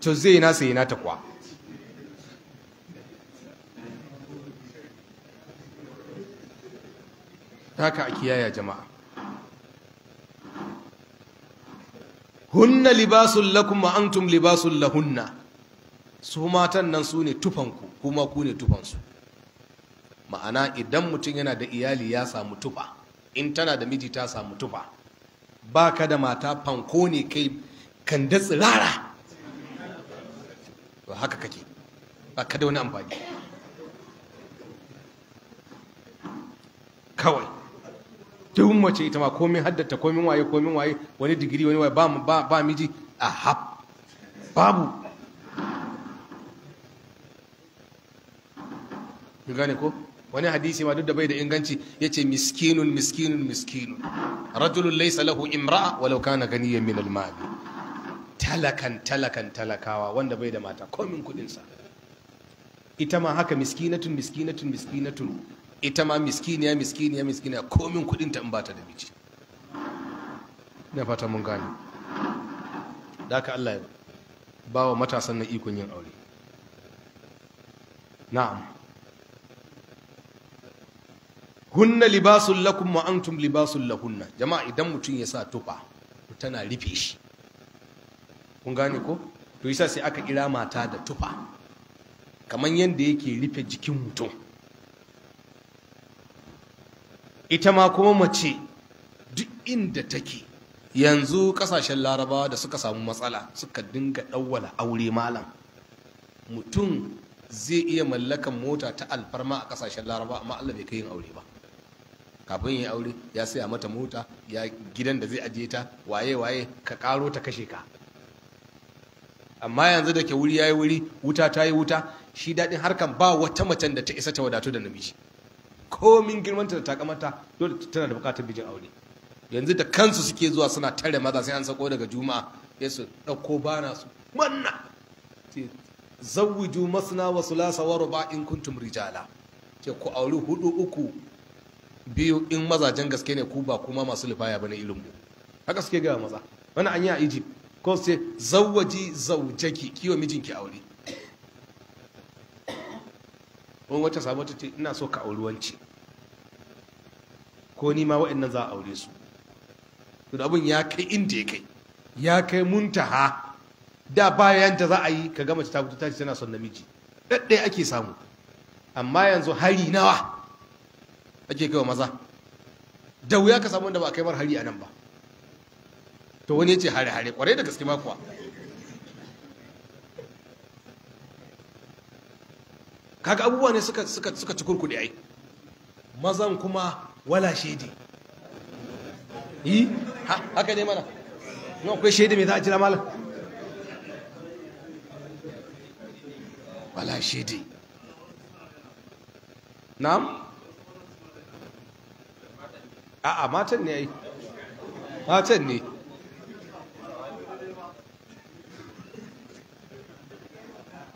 to zai yi nasu yi nata kuwa haka a kiyaya jama'a hunna libasun lakun wa libasun lahunna su matan nan su ne tufanku kuma ku ne tufansu ma'ana idan mutum yana da iyali ya samu tufa in tana da miji ta samu tufa ba ka da mata fanko ne kai kan da tsirara haka kake ba ka da wani amfani kawai duk mace ita ma komin haddata komin waye komin waye wani digiri wani waye ba miji a hab babu mun gane ko wani hadisi ma duk da bai da inganci yace miskinun miskinun miskinun rajulun laysa lahu imra'a walau kana ya minal mabi talakan talakan talakawa wanda bai da mata komin kudinsa ita ma haka miskinatun miskinatun miskinatun ita ma miskiniya miskiniya miskiniya komin kudinta in ba ta da miji ina fata mun gane da aka Allah ya ba wa matasan na ikon yin aure na'am hunna libasun lakum wa antum libasun lahunna jama'a idan mutum ya sa tufa tana rufe shi kun gane ko to yasa sai aka kira mata da tufa kamar yadda yake rufe jikin mutum ita ma kuma mace duk inda take yanzu kasashen larabawa da suka samu matsala suka dinga ɗauwala aure malam mutum zai iya mallakan mota ta alfarma a kasashen laraba amma allah bai kai yin aure ba kafin yin aure ya saya mata mota ya gidan da zai ajiye ta waye waye ka karo ta kashe ka amma yanzu da ke wuri ya yi wuri wuta ta yi wuta shi daɗin harkan ba wata macen da ta isa ta wadatu da namiji komin girmanta da takamanta dole tana da bukatar bijin aure yanzu da kansu suke zuwa suna tare maza sai an sako daga juma'a ya su ɗauko bana su manna zawwiju masna wa sulasa wa ruba in kuntum rijala ce ku auri hudu uku biyu in mazajen gaske ne ku ba kuma masu lifaya bane irin mu haka suke ga maza wani an yi a Egypt ko sai zawwaji zaujaki kiwo mijinki aure wani wata samu ta ce ina so ka auri wanci ko ni ma waɗannan za a aure su to abin ya kai inda ya kai ya kai muntaha da bayan ta za a yi ka gama ta ta ce tana son namiji daddai ake samu amma yanzu hari nawa ake kai wa maza da wuya ka samu wanda ba a kai mar hari a nan ba to wani ya ce hare-hare kwarai da gaske makuwa. kaga abubuwa ne suka suka suka ci kurkuɗe ai mazan kuma wala shedi yi haka ne mana no akwai shedi mai za a jira malam wala shedi na'am a'a matan ne ai matan ne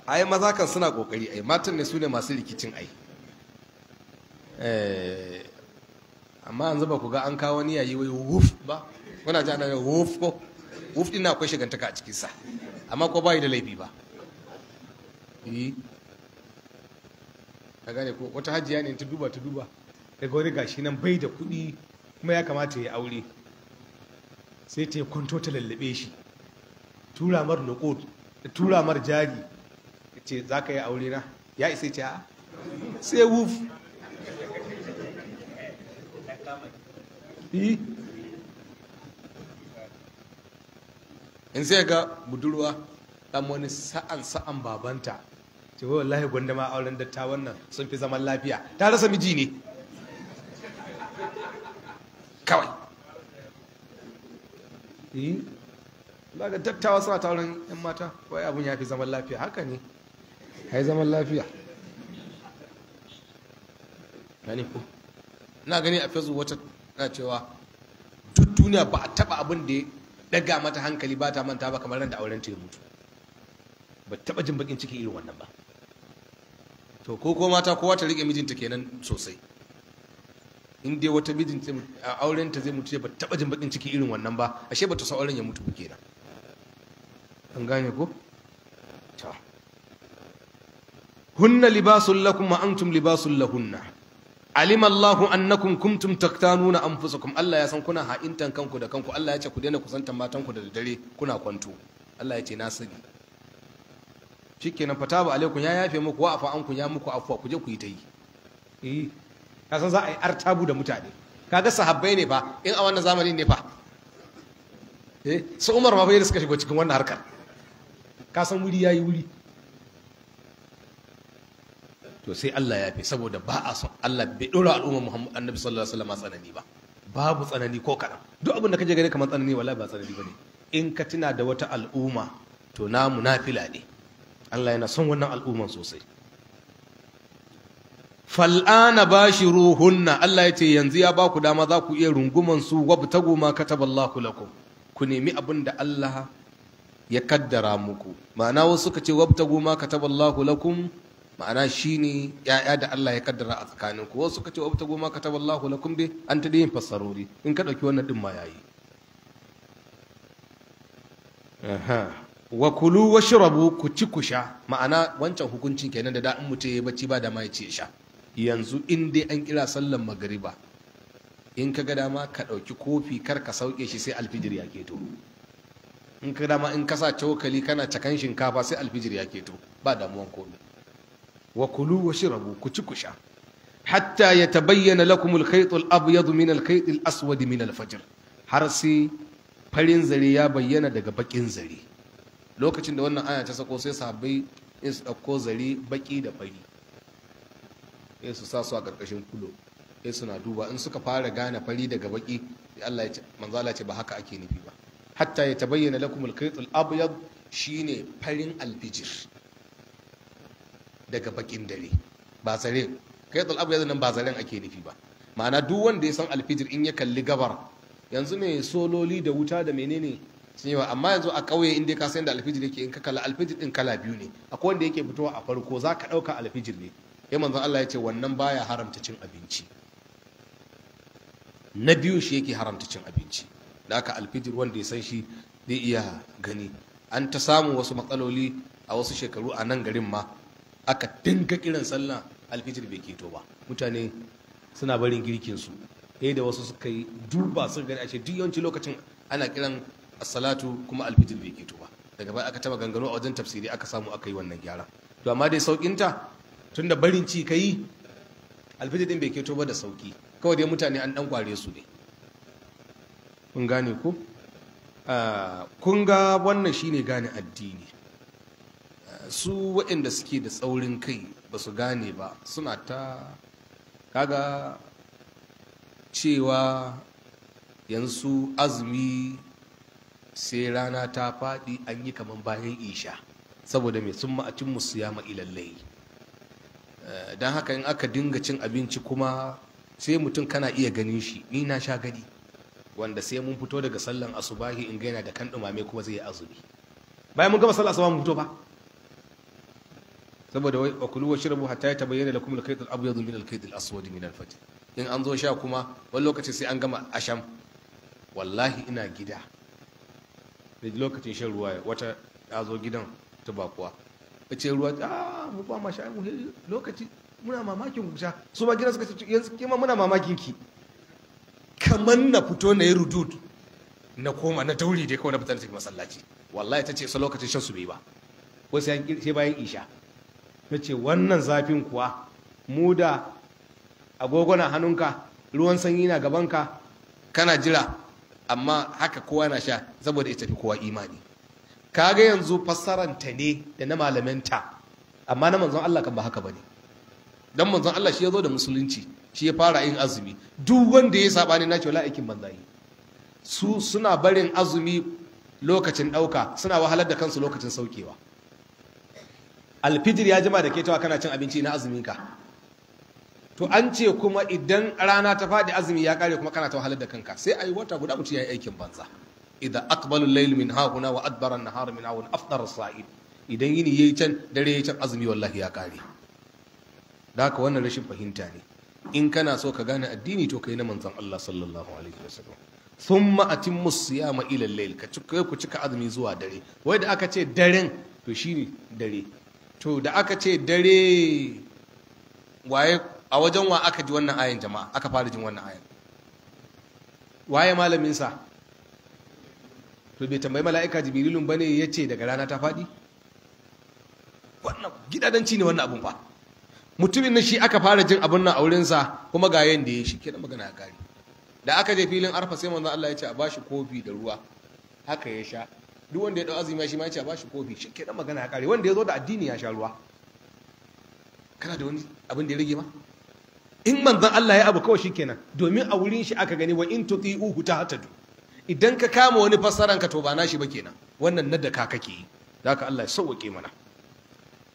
ai maza kan suna kokari ai matan ne su ne masu rikicin ai eh, amma an zuba ku ga an kawo ni yayi wai wuf ba kuna ji ana wuf ko wuf din akwai shigantaka a cikinsa amma ko bayi da laifi ba eh ka gane ko wata hajiya ne ta duba ta duba daga wani gashi nan bai da kuɗi kuma ya kamata ya aure sai ta yi kwanto ta lallabe shi tura mar nukut tura mar jari ce za ka yi aure na ya isa ce a sai wuf in sai ga budurwa dan wani sa'an sa'an babanta ce wai wallahi gwanda ma auren dattawan nan sun fi zaman lafiya ta rasa miji ne kawai Da dattawa suna taurin yan mata wai abun ya fi zaman lafiya haka ne yi zaman lafiya gani ko na gani a fesu wata na cewa duk duniya ba a taba abin da ya daga mata hankali ba ta manta ba kamar ran da auren ya mutu ba taba jin bakin ciki irin wannan ba to ko ko mata kowa ta rike mijinta kenan sosai in dai wata mijin auren ta zai mutu ba taba jin bakin ciki irin wannan ba ashe ba ta sa auren ya mutu kenan an gane ko hunna libasun lakum wa antum libasun lahunna alima Allahu annakum kuntum taktanuna anfusakum Allah ya san kuna ha'intan kanku da kanku Allah ya ce ku daina kusantan matanku da dare kuna kwanto Allah ya ce na sani fataba alaikum ya yafe muku wa afa anku ya muku afwa ku je ku ta yi eh ka za a yi artabu da mutane kaga sahabbai ne fa in a wannan zamanin ne fa eh su Umar ma bai da suka shigo cikin wannan harkar ka san wuri yayi wuri to sai Allah ya fi saboda ba a so Allah bai dora al'umma Muhammad Annabi sallallahu alaihi wasallam tsanani ba babu tsanani ko kaɗan duk abin da kaje gare kamar tsanani wallahi ba tsanani bane in ka tuna da wata al'umma to na munafila ne Allah yana son wannan al'umman sosai fal'ana ba shi ruhunna. Allah ya ce yanzu ya ba ku dama za ku iya runguman su wabtagu ma kataballahu lakum ku nemi abin da Allah ya kaddara muku ma'ana wasu suka ce wabtagu ma kataballahu lakum ma'ana shi ne ya'ya da Allah ya kaddara a tsakanin ku wasu kace wata goma ka kataballahu lakum dai an ta yin fassarori in ka dauki wannan din ma yayi aha wa kulu washrabu ku ci ku sha ma'ana wancan hukuncin kenan da da in mutum ya bacci ba da ma ya ce sha yanzu in dai an kira sallan magariba in ka ga dama ka ɗauki kofi kar ka sauke shi sai alfijir ya keto in ka dama in ka sa cokali kana cakan shinkafa sai alfijir ya keto ba damuwan komai wa kulu wa shirabu ku ci ku sha hatta ya tabayyana lakum al-khayt al-abyad min al-khayt min har sai farin zare ya bayyana daga bakin zare lokacin da wannan aya ta sako sai sahabbai in su dauko zare baki da fari sai su su a karkashin kulo sai suna duba in suka fara gane fari daga baki Allah ya ce manzo Allah ce ba haka ake nufi ba hatta ya tabayyana lakum al-khayt abyad shine farin alfijir daga bakin dare Ba tsare. kai abu yanzu nan tsaren ake nufi ba ma'ana duk wanda ya san alfijir in ya kalli gabar yanzu ne sololi da wuta da menene sun yi amma yanzu a ƙauye inda ka san da alfijir yake in ka kalla alfijir din kala biyu ne akwai wanda yake fitowa a farko za ka ɗauka alfijir ne ya manzon Allah ya ce wannan baya haramta cin abinci na biyu shi yake haramta cin abinci da aka alfijir wanda ya san shi zai iya gani an ta samu wasu matsaloli a wasu shekaru a nan garin ma aka dinga kiran sallah alfijir bai keto ba mutane suna barin girkin su eh da wasu suka yi duba suka gani ashe duk yawanci lokacin ana kiran as-salatu kuma alfijir bai keto ba daga baya aka taba gangano a wajen tafsiri aka samu aka yi wannan gyara to amma dai saukin ta tunda barin ci kai alfijir din bai keto ba da sauki kawai dai mutane an dan kware su ne kun gane ko ah, kun ga wannan shine gane addini su waɗanda suke da tsaurin kai ba su gane ba suna ta kaga cewa yanzu azumi sai rana ta faɗi an yi kamar bayan isha saboda mai sun ma'acin musu ya ma'ilallai eh, don haka in aka dinga cin abinci kuma sai mutum kana iya ganin shi ni na sha gani wanda sai mun fito daga sallan asubahi in gaina da kan ɗumame kuma zai yi azumi bayan mun gama sallan asubahi mun fito ba saboda wai wa kulu washrabu hatta yatabayyana lakum al-khayt al-abyad min al-khayt al-aswad min al-fajr in an zo sha kuma wani lokaci sai an gama asham wallahi ina gida da lokacin shan ruwa wata ta zo gidan ta bakuwa a ce ruwa ta ah, mu ba ma sha mu lokaci muna mamakin ku sha su ba gidan suka ce yanzu kima muna mamakin ki kamar na fito na yi rudud na koma na tauri dai kawai na fitar da masallaci wallahi ta ce su lokacin shan su bai ba wasu sai bayan isha na ce wannan zafin kuwa mu da agogona hannunka ruwan sanyi na gabanka kana jira amma haka kowa na sha saboda ya tafi kowa imani kaga yanzu fassaranta ne da na malaminta. amma na manzon Allah kan ba haka bane dan manzon Allah shi ya zo da musulunci shi ya fara yin azumi duk wanda ya saba ne nace wala aikin banzai su suna barin azumi lokacin dauka suna wahalar da kansu lokacin saukewa alfijir ya jima da ke cewa kana cin abinci na azuminka. ka to an ce kuma idan rana ta faɗi azumi ya kare kuma kana ta wahalar da kanka sai yi wata guda mutum ya yi aikin banza idza aqbalu layl min hahuna wa adbara an-nahar min hauna afdar as-sa'id idan yini yayi can dare yayi can azumi wallahi ya kare da haka wannan rashin fahimta ne in kana so ka gane addini to kai na manzon Allah sallallahu alaihi wasallam thumma atimmu siyama ila al-layl ka cika ku cika azumi zuwa dare wai da aka ce daren to shine dare to da aka ce dare waye a wajen wa aka ji wannan ayin jama'a aka fara jin wannan ayin waye malamin sa to bai tambayi mala'ika jibrilun bane yace daga rana ta fadi wannan gidadanci ne wannan abun fa mutumin nan shi aka fara jin abun nan a wurin sa kuma ga yanda ya shi da magana a kare da aka je filin arfa sai manzo Allah ya ce a bashi kofi da ruwa haka ya sha duk wanda ya dau azumi shi ma ya ba shi kofi shi ke magana ya kare wanda ya zo da addini ya sha ruwa kana da wani abin da ya rage ma in manzon Allah ya abu kawai shi kenan domin a wurin shi aka gani wa in hata du idan ka kama wani fassaran ka to ba na shi ba kenan wannan nadda ka kake yi haka Allah ya sauke mana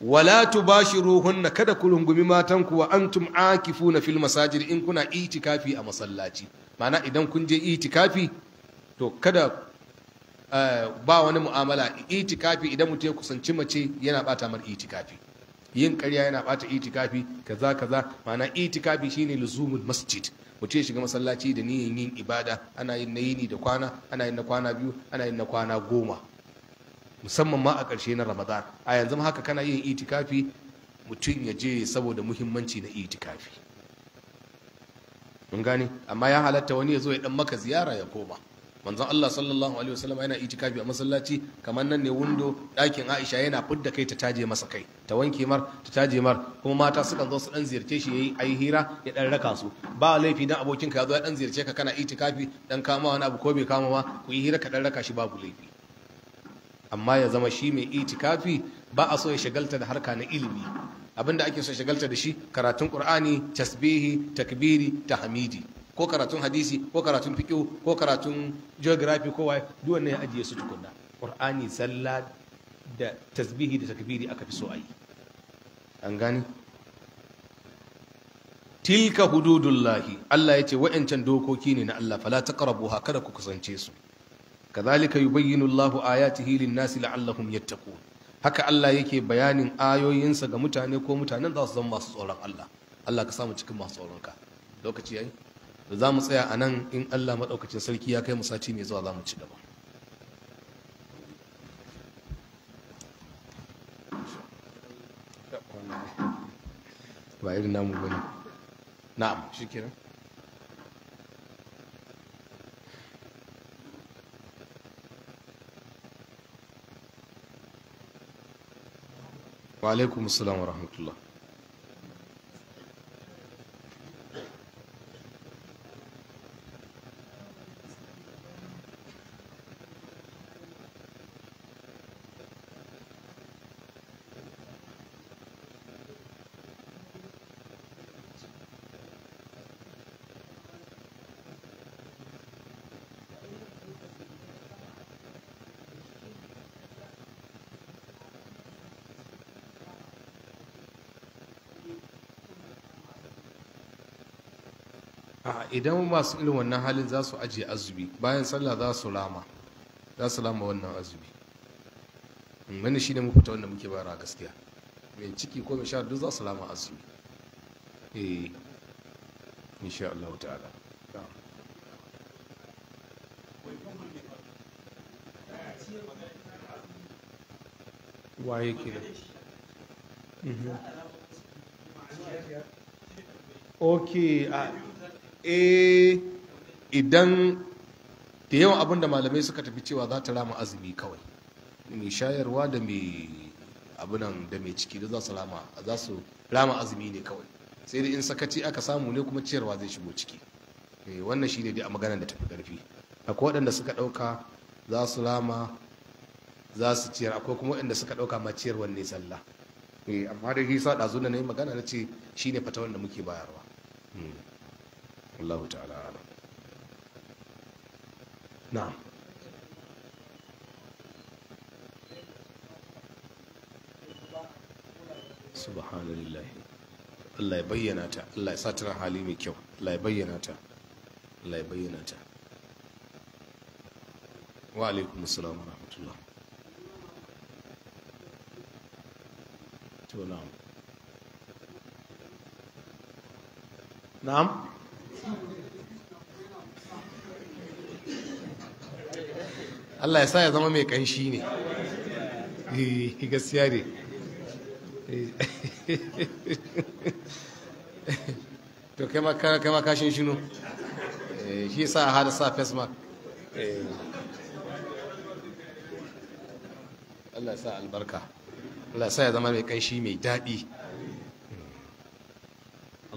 wala tubashiruhunna kada ku rungumi matan ku wa antum akifuna fil masajid in kuna itikafi a masallaci mana idan kun je itikafi to kada Eh, ba wani mu'amala itikafi idan mutum ya kusanci mace yana bata mar itikafi yin karya yana bata itikafi kaza kaza mana itikafi shine luzumul masjid mutum ya shiga masallaci da niyan yin ibada ana yin na yini da kwana ana yin na kwana biyu ana yin na kwana goma musamman ma a ƙarshe na ramadan a yanzu haka kana yin itikafi mutum ya je saboda muhimmanci na itikafi mun gane amma ya halatta wani ya zo ya dan maka ziyara ya koma manzon Allah sallallahu alaihi wasallam yana itikafi a masallaci kamar nan ne wundo ɗakin Aisha yana fidda kai ta taje masa kai ta wanke mar ta taje mar kuma mata sukan zo su dan ziyarce shi ya yayi ayi hira ya ɗan raka su ba laifi dan abokin ka zo ya dan ziyarce ka kana itikafi dan kama wani abu ko bai kama ma ku yi hira ka dan raka shi babu laifi amma ya zama shi mai itikafi ba a so ya shagalta da harka na ilimi abinda ake so shagalta da shi karatun qur'ani tasbihi takbiri tahmidi ko karatun hadisi ko karatun fiqh ko karatun geography ko wai duk wannan ya ajiye su tukunna qur'ani sallah da tasbihi da takbiri aka fi so ayi an gani tilka hududullahi Allah yace wa'ancan dokoki ne na Allah fala taqrabuha kada ku kusance su kadhalika yubayyinu Allahu ayatihi lin-nasi la'allahum yattaqun haka Allah yake bayanin ayoyinsa ga mutane ko mutanen za su zama masu tsoron Allah Allah ka samu cikin masu tsoronka lokaci yayi za mu tsaya a nan in allah maɗaukacin sarki ya kai mu sati mai zuwa za mu ci gaba ba wa alaikum assalam wa rahmatullah idan masu irin wannan halin za su ajiye azumi bayan sallah za su rama za su rama wannan azumi mm, wani ne mu fita wanda muke bara gaskiya mai ciki ko mai sha duk za su rama azumi eh insha Allah ta'ala waye ke da mhm. ok a eh idan da yawan abin da malamai suka tafi cewa za ta rama azumi kawai mai shayarwa da mai abinan da mai ciki da za su rama azumi ne kawai sai da in sakaci aka samu ne kuma ciyarwa zai shigo ciki eh, wannan shi ne dai a maganar da tafi ƙarfi akwai waɗanda suka ɗauka za su rama za su ciyar akwai kuma waɗanda suka ɗauka ma ciyar wanne sallah eh, amma da hisa ɗazu na yi magana na ce shi ne fata wanda muke bayarwa hmm. wallahu ta'ala alam na'am subhanallahi Allah ya bayyana ta Allah ya sa tana hali mai kyau Allah ya bayyana ta Allah ya bayyana ta wa alaikum assalam wa rahmatullah to na'am na'am Allah ya sa ya zama mai kanshi ne eh, gaskiya ne to kai ma kashin shinu eh, shi sa a hada sa face mark eh. Allah ya sa albarka Allah ya sa ya zama mai kanshi mai daɗi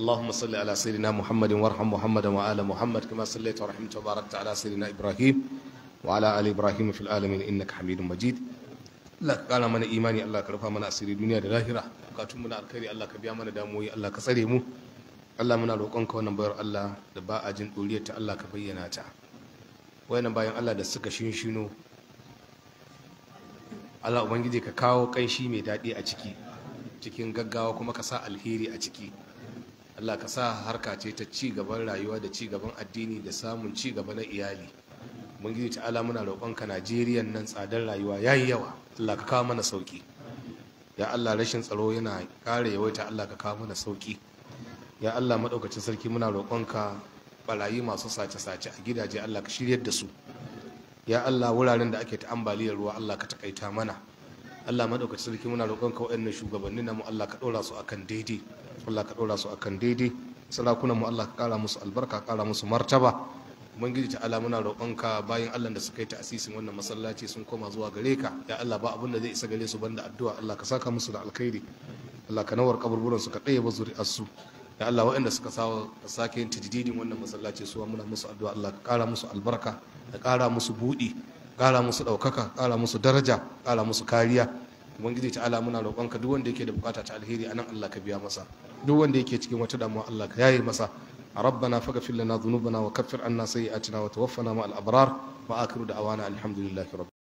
اللهم صل على سيدنا محمد وارحم محمدا وآل محمد كما صليت ورحمت وباركت على سيدنا إبراهيم وعلى آل إبراهيم في Allah ka kara mana imani Allah ka rufa mana asiri duniya da lahira bukatun mu na alkhairi Allah ka biya mana damuwoyi Allah ka tsare mu Allah muna roƙon ka wannan bayar Allah da ba jin doriyar ta Allah ka bayyana ta wayannan bayan Allah da suka shinshino Allah ubangiji ka kawo kanshi mai daɗi a ciki cikin gaggawa kuma ka sa alheri a ciki Allah ka sa harka ce ta ci gaban rayuwa da ci gaban addini da samun ci gaba na iyali mun gidi ta ala muna roƙonka Najeriya nan tsadar rayuwa yayi yawa Allah ka kawo mana sauki ya Allah rashin tsaro yana ƙara yawaita Allah ka kawo mana sauki ya Allah maɗaukacin sarki muna roƙonka barayi masu sace-sace a gidaje Allah ka shiryar da su ya Allah wuraren da ake ta ambaliyar ruwa Allah ka taƙaita mana Allah maɗaukacin sarki muna roƙonka waɗannan shugabanni namu Allah ka ɗora su akan daidai Allah ka ɗora su a kan daidai sarakunan mu Allah ka ƙara musu albarka ƙara musu martaba ubangiji ta ala muna roƙonka bayan Allah da suka yi ta'asisin wannan masallaci sun koma zuwa gare ka ya Allah ba abin da zai isa gare su banda addu'a Allah ka saka musu da alkhairi Allah ka nawar kaburburan su ka ɗaya ba zuri'arsu ya Allah waɗanda suka sake yin tajdidin wannan masallaci suwa muna musu addu'a Allah ka ƙara musu albarka ka ƙara musu buɗi ƙara musu ɗaukaka ƙara musu daraja ƙara musu kariya ubangiji ta'ala muna roƙonka duk wanda yake da bukata ta alheri anan Allah ka biya masa duk wanda yake cikin wata damuwa Allah ka yaye masa ربنا فاغفر لنا ذنوبنا وكفر عنا سيئاتنا وتوفنا مع الأبرار وآخر دعوانا الحمد لله رب